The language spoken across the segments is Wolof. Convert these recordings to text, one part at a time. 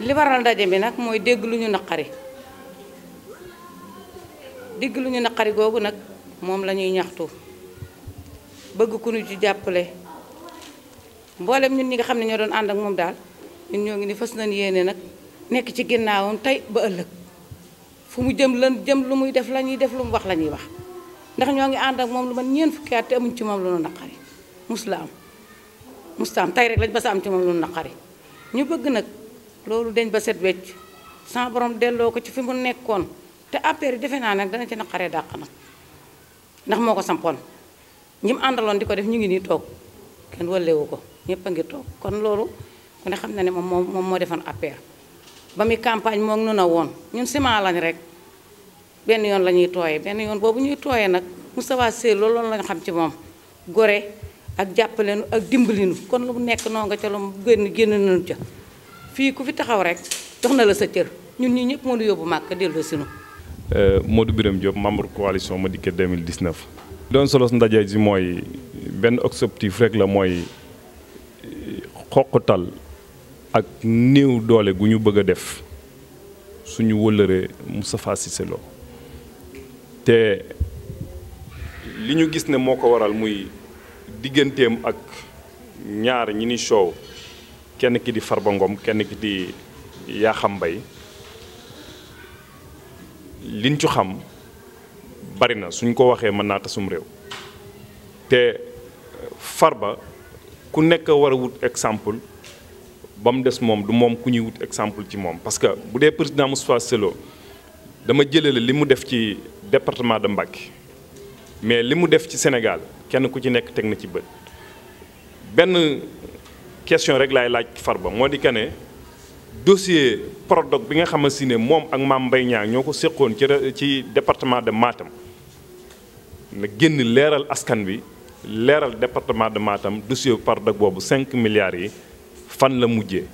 li waral daje bi nag mooy dégg lu ñu naqari dégg lu ñu naqari googu nag moom la ñuy ñaxtu bëgg ku ñu jàppale mboolem ñun ñi nga xam ne ñoo doon ànd ak moom daal ñun ñoo ngi ni fas nañ yéene nag nekk ci ginnaawam tey ba ëllëg fu mu jëm lan jëm lu muy def la ñuy def lu mu wax la ñuy wax ndax ñoo ngi ànd ak moom lu man ñeen fukki at te amuñ ci moom lu ñu naqari mus la am mus la am tey rek lañ ba am ci moom lu ñu naqari ñu bëgg nag. loolu dañ ba set wecc sans borom delloo ko ci fi mu nekkoon te affaire yi defe naa nag dana ci naqaree dàq nag ndax moo ko sampoon ñi mu àndaloon di ko def ñu ngi nii toog kenn wallewu ko ñëpp ngi toog kon loolu ku ne xam na ne moom moo moom moo defoon affaire ba muy campagne moo nu na woon ñun ciment lañ rek benn yoon la ñuy tooyee benn yoon boobu ñuy tooyee nag Moustapha Sey loolu loolu xam ci moom gore ak jàppalenu ak dimbalinu kon lu mu nekk noo nga ca lu mu génn génn nañu ca fii ku fi taxaw rek jox na la sa cër ñun ñi ñëpp moo di yóbbu màkk dellu sinu euh, Modou Birame Diop membre coalition Madické 2019. doon solos ndaje ji mooy benn objectif rek la mooy euh, xoqatal ak néew doole gu ñu bëgg a def suñu wëllëree Moustapha Cissé Lo te li ñu gis ne moo ko waral muy digganteem ak ñaar ñi ni soow kenn ki di far Farba Ngom kenn ki di Yakham Mbaye liñ ci xam bari na suñ ko waxee mën naa tasum réew te far ba ku nekk war wut exemple ba mu des moom du moom ku ñuy wut exemple ci moom parce que bu dee président Moustapha Cissé dama jëlee la li mu def ci département de Mbacké mais li mu def ci Sénégal kenn ku ci nekk teg na ci bët benn question rek laay laaj Farba moo di que ne dossier bi nga xamante si ne moom ak Mame Mbaye Niang ñoo ko séqoon ci ci département de maatam nga génn leeral askan bi leeral département de Matam dossier PRODAC boobu 5 milliards yi fan la mujjee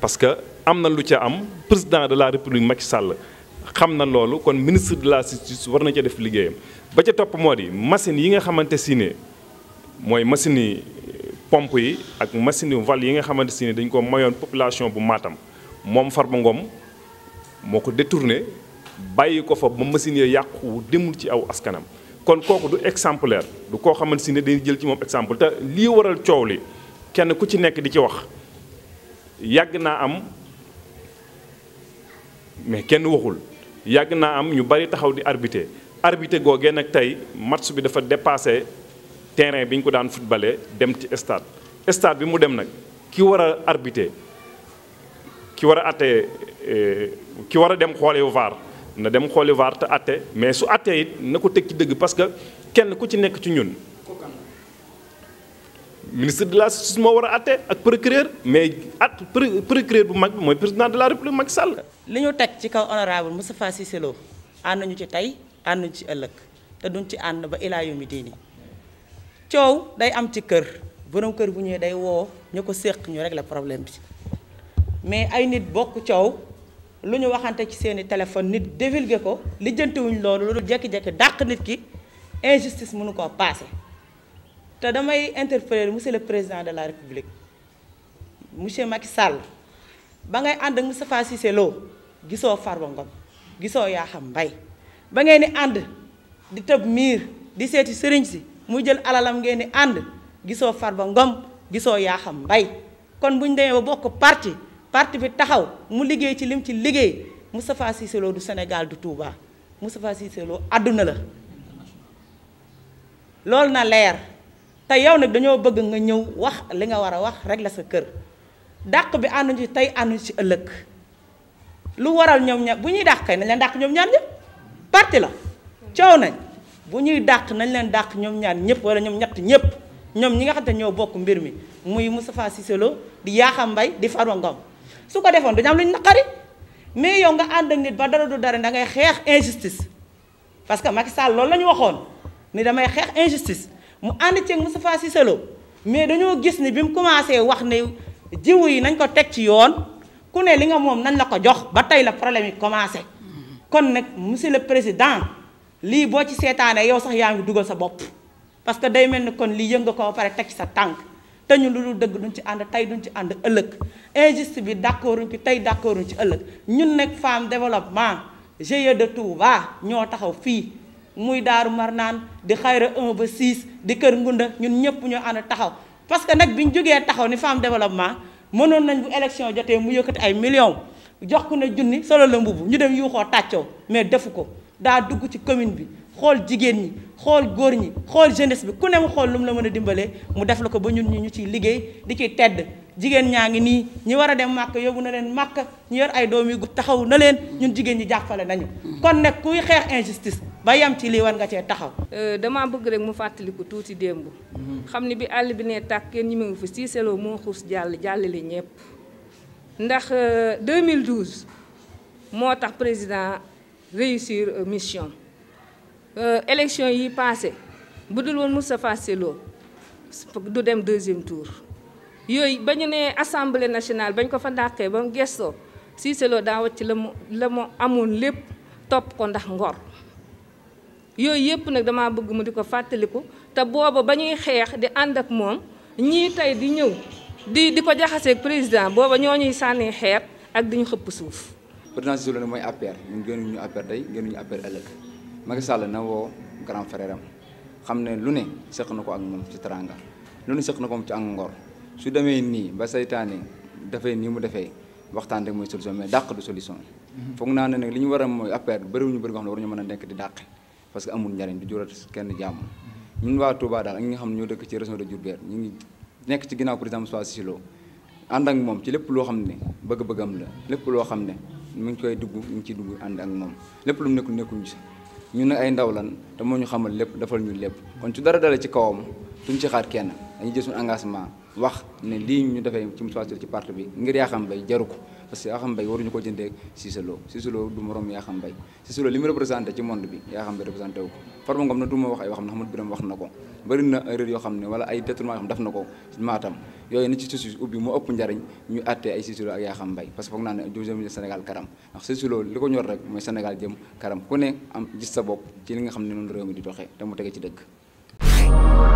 parce que am na lu ca am président de la république Macky Sall xam na loolu kon ministre de la justice war na ca def liggéeyam ba ca topp moo di machine yi nga xamante si ne mooy machine yi pompe yi ak machine val yi nga xamante si ni dañ ko mayoon population bu maatam moom Farba Ngom moo ko détourné bàyyi ko fa ba machine ya yàqu demul ci aw askanam kon kooku du exemplaire du koo xamante si ne dañuy jël ci moom exemple te lii waral coow li kenn ku ci nekk di ci wax yàgg naa am mais kenn waxul yàgg naa am ñu bari taxaw di arbitrer arbitrer googee nag tey match bi dafa dépassé terrain bi ñu ko daan footballé dem ci stade stade bi mu dem nag ki war a arbitrer ki war a atte eh, ki war a dem xooli VAR na dem xooli VAR te atte mais su atte it na ko teg ci dëgg parce que kenn ku ci nekk ci ñun ministre de la su ma war a atte ak procureur mais at procureur bu mag bi mooy président de la république mag Sall. li ñu teg ci kaw honorable Moustapha Cissé Lo ànd ñu ci tey ànd ñu ci ëllëg te duñ ci ànd ba ilaa yu diini coow day am ci kër borom kër bu ñëwee day woo ñu ko séq ñu la problème bi mais ay nit bokk coow lu ñu waxante ci seeni téléphone nit divulgué ko lijjantiwuñ loolu lu dul jekki-jekki dàq nit ki injustice mënu ko paase te damay interpeller monsieur le président de la république monsieur Macky sàll ba ngay ànd ak Moustapha Cissé Lo gisoo Farba Ngom gisoo Yakham Mbaye ba ngeen di ànd di tëb miir di seeti sëriñ si mu jël alalam ngeen di ànd gisoo Farba Ngom gisoo Yakham Mbaye kon bu ñu demee ba bokk parti parti bi taxaw mu liggéey ci lim ci liggéey Moustapha Cissé Lo du Sénégal du Touba Moustapha Cissé Lo àdduna la loolu na leer te yow nag dañoo bëgg nga ñëw wax li nga war a wax rek la sa kër dàq bi ànduñu ci tey ànduñu si ëllëg lu waral ñoom ña bu ñuy dàq kay nañ leen dàq ñoom ñaar ñëpp parti la coow nañ bu ñuy dàq nañ leen dàq ñoom ñaar ñëpp wala ñoom ñett ñëpp ñoom ñi nga xam te ñëw bokk mbir mi muy Moustapha Cissé Lo di Yakham Mbaye di Farba Ngom su ko defoon dañu ñam lu ñu naqari mais yow nga ànd ak nit ba dara du dara da ngay xeex injustice parce que Macky Sall loolu la ñu waxoon ni damay xeex injustice mu ànd ceeg Moustapha Cissé Lo mais dañoo gis ni bi mu commencé wax ne jiw yi nañ ko teg ci yoon ku ne li nga moom nañ la ko jox ba tey la problème yi commencé kon nag monsieur le président lii boo ci seetaanee yow sax yaa ngi dugal sa bopp parce que day mel ni kon lii yënga koo pare teg ci sa tànk te ñu lu dul dëgg duñ ci ànd tey duñ ci ànd ëllëg injuste bi d'accorduñ ci tey d'accorduñ ci ëllëg ñun nekk femme développement GIE de Touba ñoo taxaw fii muy Daaru naan di xayra 1 ba 6 di Kër Ngunda ñun ñëpp ñoo ànd taxaw parce que nag bi ñu jógee taxaw ni femme développement mënoon nañ bu élection jotee mu yëkkati ay millions jox ku ne junni solo la mbubu ñu dem yuuxoo tàccoo mais defu ko daa dugg ci commune bi xool jigéen ñi xool góor ñi xool jeunesse bi ku ne mu xool lu mu la mën a dimbalee mu def la ko ba ñun ñu ñu ciy liggéey di ciy tedd jigéen ñaa ngi nii ñi war a dem màkk yóbbu na leen màkk ñu yor ay doom yu taxaw na leen ñun jigéen ñi jàppale nañu kon nag kuy xeex injustice ba yam ci lii war nga cee taxaw euh, damaa bëgg rek mu fàttaliku tuuti démb xam ne bi àll bi ne tàkk kenn ñi mu ngi fi siiseloo moo xuus jàll jàllale ñëpp ndax 2012 euh, moo tax président réussir euh, mission euh, élection yi passé bu dul woon Moustapha Cissé du dem deuxième tour yooyu ba ñu nee assemblée nationale bañ ko fa dàqee ba mu gestoo Cissé Lo daa wàcc la mu la mu amoon lépp topp ko ndax ngor yooyu yëpp nag dama bëgg mu di ko fàttaliku te booba ba ñuy xeex di ànd ak moom ñii tey di ñëw di di ko jaxaseeg président booba ñoo ñuy sànni xeer ak di ñu xëpp suuf présidence isolée mooy APR ñun gënuñu APR day gënuñu APR ëllëg Macky Sall na woo grand frère am xam ne lu ne sëq na ko ak moom ci teranga lu ne sëq na ko moom ci ak su demee nii ba saytaane dafay nii mu defee waxtaan rek mooy solution mais dàq du solution mhm. foog naa ne nag li ñu war a mooy APR bëriwuñu bëri nga xam ne war ñu mën a nekk di dàq parce que amul njariñ du jural kenn jàmm mhm. ñun waa Touba daal ak ñi nga xam ne ñoo dëkk ci région de Diourbel ñu ngi ci ginnaaw président Moussa Cissé Lo ànd ci lépp loo xam ne bëgg-bëggam la lépp loo xam ne mu ngi koy dugg ñu ngi ciy dugg ànd ak moom lépp lu mu nekkul nekkuñu si ñu ne ay ndaw lan te moo ñu xamal lépp defal ñu lépp kon su dara dale ci kawam duñ ci xaar kenn dañuy jël suñu engagement wax ne lii ñu defee ci mu ci parti bi ngir yaa xam bay jaru ko parce que yaa xam mbay waruñu ko jëndee Cissé Lo Cissé Lo du morom yaa xam mbay Cissé Lo li mu représenté ci monde bi yaa xam mbay représenté wu ko Farba Ngom na wax ay waxam na xamul biram wax na ko bëri na erreur yoo xam ne wala ay détournement yooyu na ci suuf ak yaa mbay parce foog naa ne jëm Sénégal karam ndax Cissé li ko ñor rek mooy Sénégal jëm karam ku ne am gis sa bopp ci li nga xam ne noonu réew mi di doxee te mu tege ci dëgg